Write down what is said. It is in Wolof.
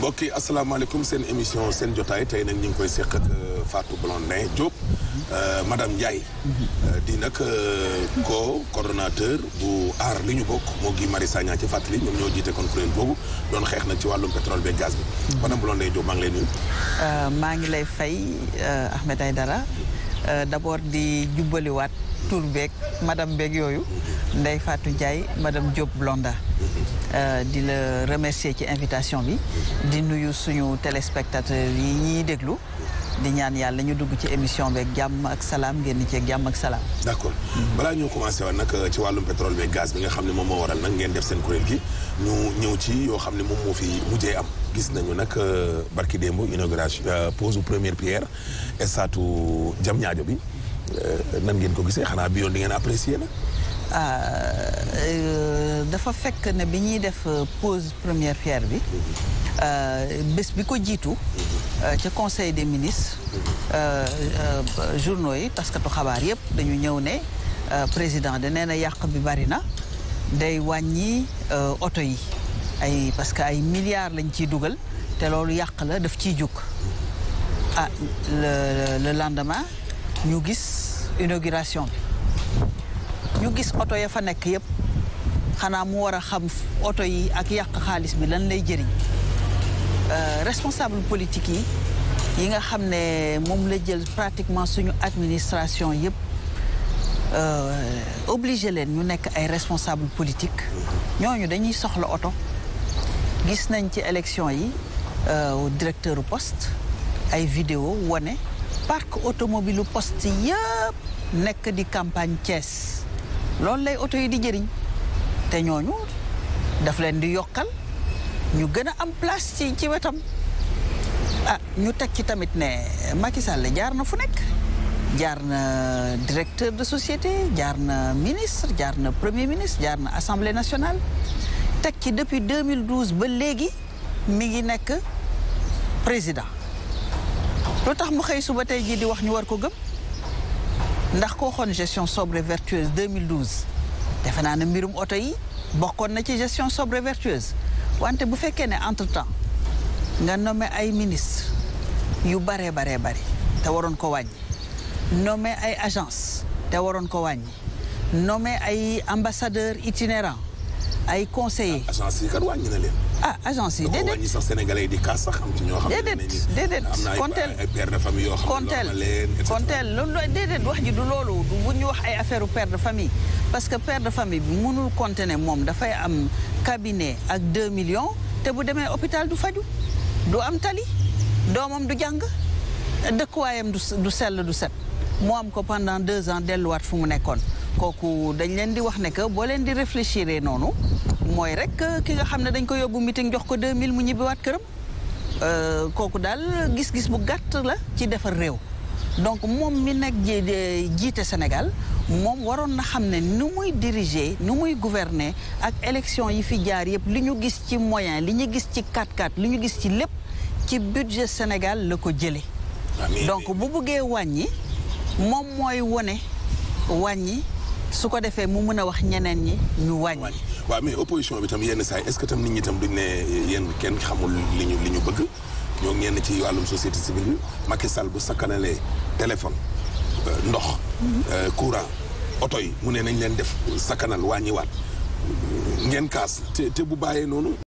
mbokk yi asalaamaaleykum seen émission seen jotaay tey nag ñu ngi koy seq ak euh, Fatou Blondin Diop euh, madame Ndiaye euh, di nag ko coordonnateur bu aar li ñu bokk moo gi mari Sagna ci fàttali ñoom ñoo jiite kon kuréel boobu doon xeex nag ci wàllum pétrole beeg gaz bi madame Blondin Diop maa ngi lay nuyu maa ngi lay fay Ahmed Aïdara d'abord di jubbaliwaat tur beeg madame beeg yooyu Ndeye Fatou Ndiaye madam Diop Blondin Euh, di la remercier ci invitation bi di nuyu suñu téléspectateurs yi ñuy déglu di ñaan yàlla ñu dugg ci émission beeg jàmm ak salaam ngeen ci jàmm ak salaam. d' balaa ñu commencé woon nag ci wàllum pétrole beeg gaz bi nga xam ne moom moo waral nag ngeen def seen kuréel gi ñu ñëw ci yoo xam ne moom moo fi mujjee am. gis nañu nag euh, barki démb inauguration euh, pose première pierre estatu Diamniadio bi. Euh, nan ngeen ko gisee xanaa bi yoon di ngeen apprécier la. ah euh, dafa fekk ne bi ñuy def euh, pose première pierre bi mhm. bés bi ko jiitu mhm. ca conseil des ministres mhm. journaux yi taskatu xabaar yépp dañu ñëw ne président de nee na yàq bi bari na day wàññi oto yi ay parce que ay milliards lañ ciy dugal te loolu yàq la def ciy jóg ah le le ñu gis inauguration bi ñu gis oto ya fa nekk yëpp xanaa mu war a xam oto yi ak yàq xaalis bi lan lay jëriñ euh, responsable politique yi yi nga xam ne moom la jël pratiquement suñu administration yëpp euh, obligé leen ñu nekk ay responsable politique ñooñu dañuy soxla oto gis nañ ci élection yi euh, directeur post ay vidéo wane parc automobile poste yëpp nekk di campagne Thiès loolu lay auto yi di jëriñ te ñooñu daf leen di yokkal ñu gën a am place ci ci wetam ah ñu teg ci tamit ne Macky Sall jaar na fu nekk jaar na directeur de société jaar na ministre jaar na premier ministre jaar na assemblée nationale teg ci depuis 2012 ba léegi mi ngi nekk président lu tax mu xëy suba tey jii di wax ñu war ko gëm ndax koo xoon gestion sobre et vertueuse 2012 defe naa ne mbirum oto yi bokkoon na ci gestion sobre et vertueuse wante bu fekkee ne entre temps nga nomme ay ministre yu baree baree bari te waroon ko wàññi nommé ay agence te waroon ko wàññi nommé ay ambassadeur itinérant ay conseillers. Ah, agence yi kat ah agence yi déedéet da sax sénégalais yi am ci ñoo xam ne. déedéet déedéet konteel am na ay père de loolu wax ji du loolu ñu wax ay affaire per de famille. parce que père de famille bi mënul compter ne moom dafay am cabinet ak 2 millions te bu demee hôpital du faju du am tali doomam du jàng dëkkuwaayam du sell du set mu am ko pendant deux ans delluwaat fu mu nekkoon kooku dañ leen di wax ne que boo leen di réfléchir noonu mooy rek euh, ki nga xam ne dañ ko yóbbu meeting jox ko 2000 mu ñibbiwaat këram euh, kooku daal gis-gis bu gàtt la ci defar réew donc moom mi nag jiite Sénégal moom waroon na xam ne nu muy diriger nu muy gouverner ak élection yi fi jaar yëpp li ñu gis ci moyen li ñu gis ci 4-4 li ñu gis ci lépp ci budget Sénégal la ko jëlee. donc bu buggee wàññi moom mooy wone wàññi su ko defee mu mën a wax ñeneen ñi ñu wàññi. waaw mais opposition bi tam yenn saa yi est-ce que tam nit ñi tam duñ ne eh, yéen kenn xamul li ñu li ñu bëgg ñoo ngeen ci wàllum société civile bi Macky Sall bu sakkanalee téléphone euh, ndox euh, courant oto yi mu nee nañ leen def sakkanal wàññiwaat ngeen kaas te te bu bàyyee noonu